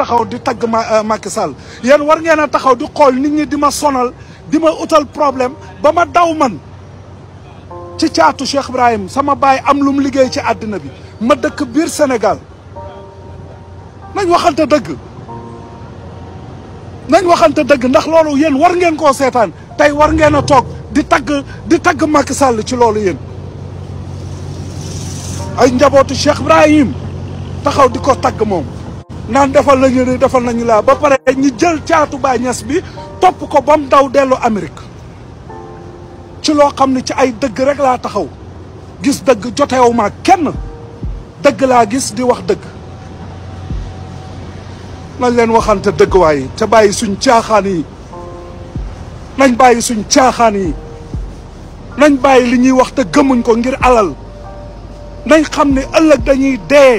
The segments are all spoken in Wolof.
taxaw di tag eh, Macky Sall yeen war ngeena taxaw di xol nit ñi di ma sonal di ma utal problème bama ma daw man ci Cheikh Ibrahim sama bay am lu mu liggéey ci aduna bi ma dekk bir senegal nañ waxante deug nañ waxante deug ndax lolu yeen war ngeen ko seetaan tay war ngeena tok di tag di tag Macky Sall ci lolu yeen ay Cheikh Ibrahim taxaw di ko naan defal nañu ni defal nañu laa ba pare ñu jël caatu Baay Ñas bi topp ko ba mu daw dellu Amérique ci loo xam ne ci ay dëgg rekk laa taxaw gis dëgg joteewu kenn dëgg laa gis di wax dëgg nañ leen waxante dëgg waaye te bàyyi suñ caaxaan yi nañ bàyyi suñ caaxaan yi nañ bàyyi li ñuy wax te gëmuñ ko ngir alal nañ xam ni ëllëg dañuy dee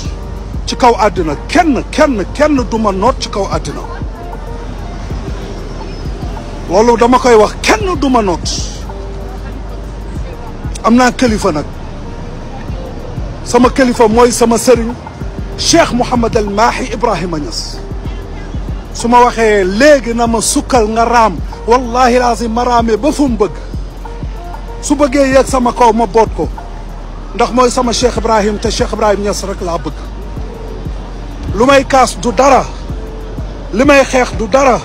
ci kaw àddina kenn kenn kenn du ma noot ci kaw àddina loolu dama koy wax kenn du ma noot am naa kilifa nag sama kilifa mooy sama sëriñ Cheikh Mouhamed El Mahi Ibrahima Niass su ma waxee léegi na ma sukkal nga raam wallahi lazim ma raamee ba fu mu bëgg su bëggee yeeg sama kaw ma boot ko ndax mooy sama Cheikh Ibrahim te Cheikh Ibrahim Niass rek laa bëgg lumay kas kaas du dara limay xex du dara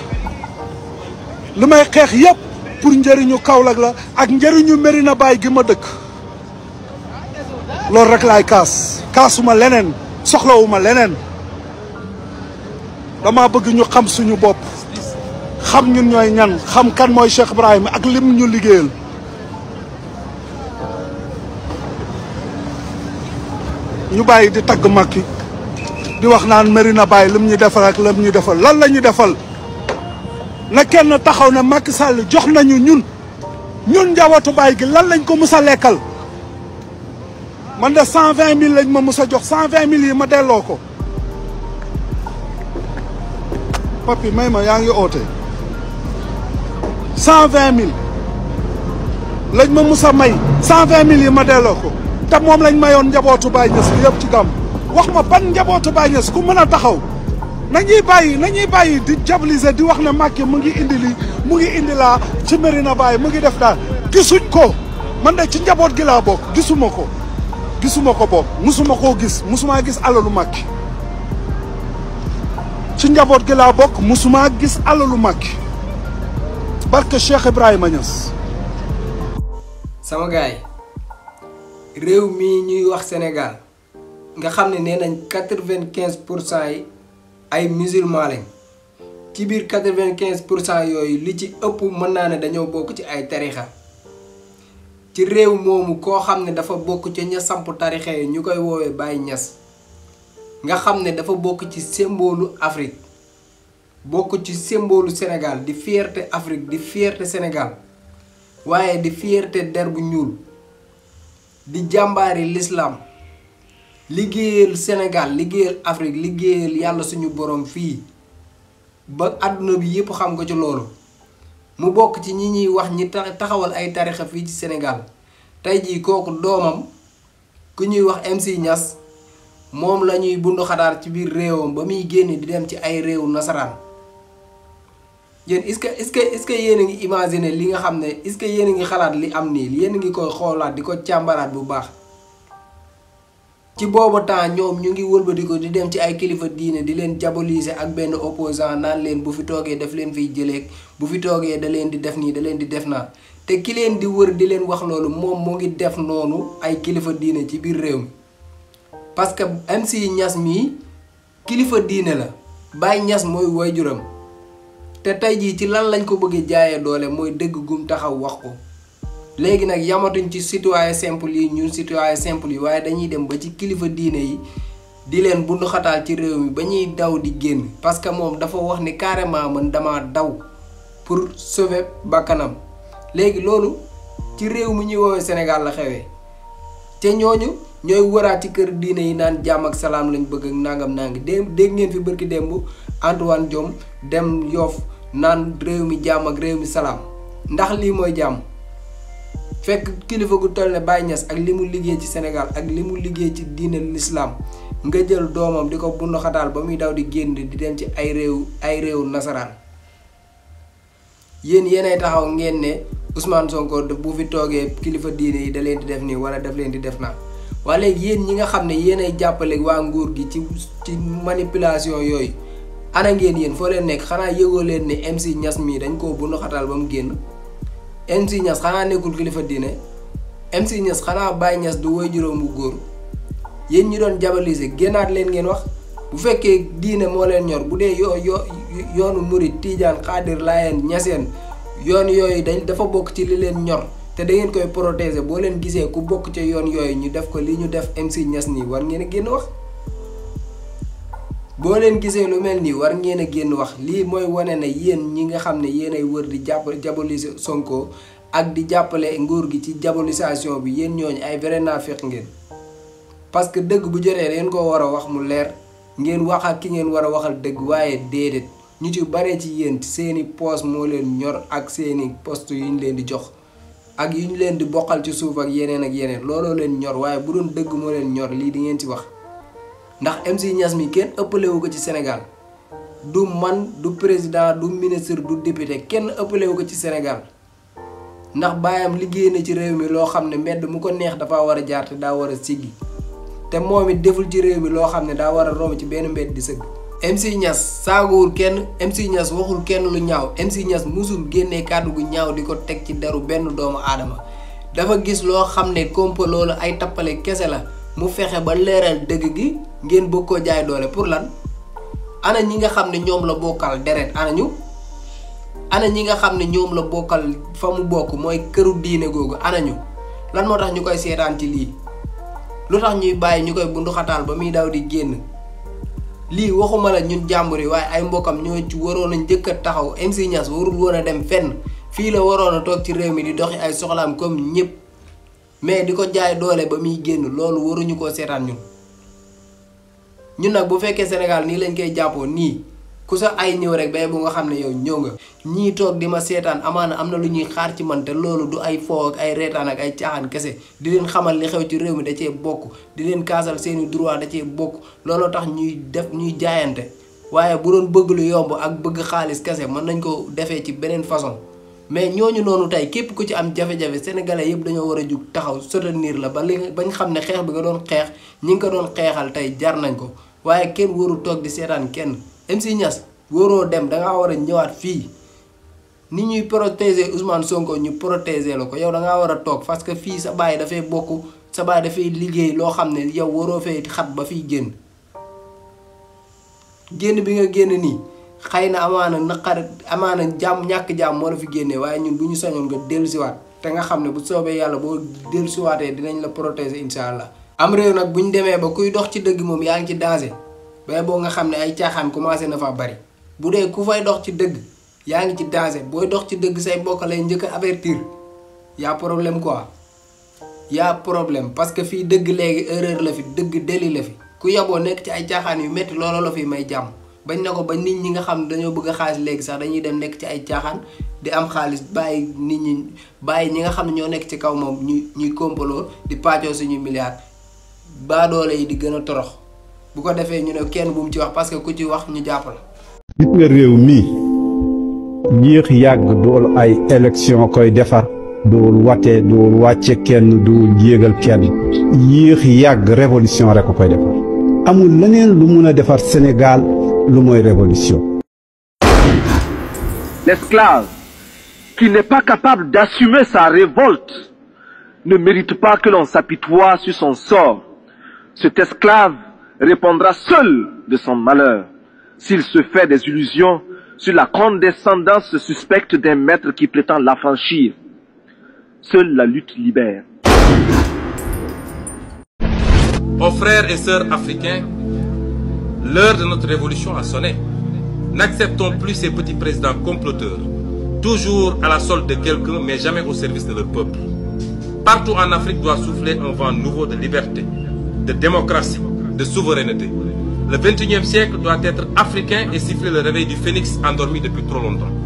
lumai xex yeb pour njeriñu lagla la ak njeriñu merina bay gi ma dekk lenen, rek lay kaas kaasuma lenen soxlawuma lenen dama bëgg ñu xam suñu bop xam ñun ñoy ñan xam kan moy Cheikh Ibrahim ak lim ñu liggéeyal ñu bayyi di tag makki di wax naan Medina Baye lim ñu defal ak lim ñu defal lan la ñu defal na kenn taxaw na Macky sàll jox nañu ñun ñun njabootu Baye gi lan lañ ko mus a lekkal man de cent vingt mille lañ ma mus a jox cent vingt mille yi ma delloo ko papi may ma yaa ngi oote cent vingt mille lañ ma mus a may cent vingt mille yi ma delloo ko te moom lañ mayoon njabootu Baye Niass yëpp ci gàmm wax ma ban njabotu Baye ku mën taxaw nañuy bayyi nañuy bayyi di jabliser di wax na Macky mu ngi indi li mu ngi indi la ci merina gelabok mu ngi def musumoko gisuñ ko man de ci njabot gi la bok gisuma ko gisuma ko gis musuma gis alalu Macky ci njabot gi la bok musuma gis alalu barke Cheikh Ibrahima sama gay rew mi ñuy wax senegal nga xam ne nee nañ quatre-vingt-quinze pour cent yi ay musulman ci biir quatre-vingt-quinze pour cent yooyu li ci ëpp mën naa ne dañoo bokk ci ay tarixa ci réew moomu koo xam ne dafa bokk ci ña samp tarixa ñu koy woowee bàyyi ñas nga xam ne dafa bokk ci symbolu Afrique bokk ci symbolu Sénégal di fierté Afrique di fierté Sénégal waaye di fierté der bu ñuul di jàmbaari lislaam liggéeyal Senegal, liggéeyal Afrique liggéeyal yalla suñu borom fi ba aduna bi yépp xam nga ci lolu mu bok ci ñi ñi wax ñi taxawal ay tarixa fi ci senegal tay ji koku domam ku ñuy wax MC Niass mom lañuy bundu xadar ci bir rewam ba mi di dem ci ay rew nasaran. yéen est-ce que est-ce que est-ce que ngi imaginer li nga xam est-ce que ngi li am ni ngi koy xolat diko ko bu baax ci booba temps ñoom ñu ngi wëlbatiku di dem ci ay kilifa diine di leen diaboliser ak benn opposant naan leen bu fi toogee daf leen fiy jëleeg bu fi toogee da leen di def nii da leen di def naa te ki leen di wër di leen wax loolu moom mu ngi def noonu ay kilifa diine ci biir réew mi parce que MC ñas mii kilifa diine la Baye ñas mooy way waajuram te tey jii ci lan lañ ko bëggee jaayee doole mooy dëgg gum taxaw wax ko léegi nag yamatuñ ci citoyen simple yi ñun citoyen simple yi waaye dañuy dem ba ci kilifa diine yi di leen bunduxataal ci réew mi ba ñuy daw di génn parce que moom dafa wax ni carrément mën dama daw pour sauver bakkanam léegi loolu ci réew mi ñuy woowee senegal la xewee te ñooñu ñooy waraat ci kër diine yi naan jàmm ak salaam lañ bëgg ak nangam nangi démb dégg ngeen fi bërki démb Antoine Diome dem Yoff naan réew mi jàmm ak réew mi salaam ndax lii mooy jàmm fekk kilifa gu toll ne Baye Niass ak li mu liggéey ci senegal ak li mu liggéey ci diine lislaam nga jël doomam di ko bund ba muy daw di génn di dem ci ay réew ay réew nasaraan yéen yéenay taxaw ngeen ne Ousmane Sonko bu fi toogee kilifa diine yi da leen di def nii wala daf leen di def naa waa yéen ñi nga xam ne yéenay jàppale waa nguur gi ci ci manipulation yooyu ana ngeen yéen foo leen nekk xanaa yëgoo leen ne MC ñas mii dañ koo bundu ba mu génn MC Niass xanaa nekkul kilifa diine MC Niass xanaa Baye Niass du woy juróom góor yéen ñi doon jabalise génnaat leen ngeen wax bu fekkee diine moo leen ñor bu dee yoo yoo yoonu murit tiijaan xaadir laayeen ñaseen yoon yooyu dañ dafa bokk ci li leen ñor te da ngeen koy protéger boo leen gisee ku bokk ca yoon yooyu ñu def ko li ñu def MC Niass nii war ngeen a génn wax boo leen gisee lu mel nii war ngeen a génn wax lii mooy wane na yéen ñi nga xam ne yéen ay wër di jàpp jaboli Sonko ak di jàppale nguur gi ci diabolisation bi yéen ñooñu ay naa naafeq ngeen. parce que dëgg bu jotee leen koo war a wax mu leer ngeen wax ak ki ngeen war a waxal dëgg waaye déedéet ñu ci bare ci yéen seeni poste moo leen ñor ak seeni poste yu ñu leen di jox. ak yu ñu leen di boqal ci suuf ak yeneen ak yeneen looloo leen ñor waaye bu doon dëgg moo leen ñor lii di ngeen ci wax. ndax MC Niass mi kenn ëppale ko ci Sénégal du man du président du ministre du député kenn ëppale ko ci Sénégal ndax baayam liggéey na ci réew mi loo xam ne mbedd mu ko neex dafa war a jaar te daa war a siggi te moom it deful ci réew mi loo xam ne daa war a romb ci benn mbedd di sëgg. MC Niass saagawul kenn MC Niass waxul kenn lu ñaaw MC Niass musul génnee kàddu gu ñaaw di ko teg ci deru benn doomu aadama dafa gis loo xam ne kompa loolu ay tappale kese la. mu fexe ba leeral dëgg gi ngeen bëgg koo jaay doole pour lan ana ñi nga xam ne ñoom la bokkal deret ana ñu ana ñi nga xam ne ñoom la bokkal fa mu bokk mooy këru diine googu ana ñu lan moo tax ñu koy seetaan ci lii lu tax ñuy bàyyi ñu koy bunduxataal ba muy daw di génn lii waxuma la ñun jàmbur yi waaye ay mbokkam ñoo ci waroon a njëkk taxaw MC Niass warul a dem fenn fii la waroon a toog ci réew mi di doxi ay soxlaam comme ñëpp. mais di ko jaay doole ba muy génn loolu waruñu koo seetaan ñun ñun nag bu fekkee Sénégal nii leen koy jàppoo nii ku sa ay ñëw rek bay bu nga xam ne yow ñëw nga ñii toog di ma seetaan amaana am na lu ñuy xaar ci man te loolu du ay foo ay reetaan ak ay caaxaan kese di leen xamal li xew ci réew mi da cee bokk di leen kaasal seeni droit da cee bokk looloo tax ñuy def ñuy jaayante waaye bu doon bëgg lu yomb ak bëgg xaalis kese mën nañ ko defee ci beneen façon mais ñooñu noonu tey képp ku ci am jafe-jafe sénégalais yëpp dañoo war a jug taxaw niir la ba li bañ xam ne xeex bi nga doon xeex ñi nga ko doon xeexal tey jar nañ ko waaye kenn warul toog di seetaan kenn MC Niass waroo dem da war a ñëwaat fii ni ñuy protéger Ousmane Sonko ñu protéger la ko yow da ngaa war a toog parce que fii sa baay dafay bokk sa baay dafay liggéey loo xam ne yow waroo fay xat ba fiy génn génn bi nga génn nii. xëy na amaana naqar amaana jàmm ñàkk jàmm moo la fi génnee waaye ñun bu ñu sañoon nga dellusiwaat te nga xam ne bu soobee yàlla boo dellusiwaatee dinañ la protéger incha allah. am réew nag bu ñu demee ba kuy dox ci dëgg moom yaa ngi ci danger bay boo nga xam ne ay caaxaan commencé na fa bari bu dee ku fay dox ci dëgg yaa ngi ci danger booy dox ci dëgg say bokk lay njëkk a avertir y'a problème quoi y'a problème parce que fii dëgg léegi erreur la dëgg deli fi ku yaboo nekk ci ay caaxaan yu métti looloo la fi may jàmm. bañ na ko ba nit ñi nga xam dañoo bëgg a xaalis léegi sax dañuy dem nekk ci ay caaxaan di am xaalis bàyyi nit ñi bàyyi ñi nga xam ne ñoo nekk ci kaw moom ñu ñuy kompaloo di pàccoo suñu milliards baadoole yi di gën a torox bu ko defee ñu ne kenn bu mu ci wax parce que ku ci wax ñu jàpp la. gis nga réew mii yéex yàgg dool ay élection koy defar dool watee dool wàcce kenn dool yéegal kenn yéex yàgg révolution rek koy defar amul leneen lu mun a defar Sénégal. mot est révolution l'esclave qui n'est pas capable d'assumer sa révolte ne mérite pas que l'on s'apitoie sur son sort. Cet esclave répondra seul de son malheur s'il se fait des illusions sur la condescendance suspecte d'un maître qui prétend l'affranchir. Seule la lutte libère. Aux frères et sœurs africains, L'heure de notre révolution a sonné. N'acceptons plus ces petits présidents comploteurs, toujours à la solde de quelqu'un, mais jamais au service de leur peuple. Partout en Afrique doit souffler un vent nouveau de liberté, de démocratie, de souveraineté. Le 21e siècle doit être africain et siffler le réveil du phénix endormi depuis trop longtemps.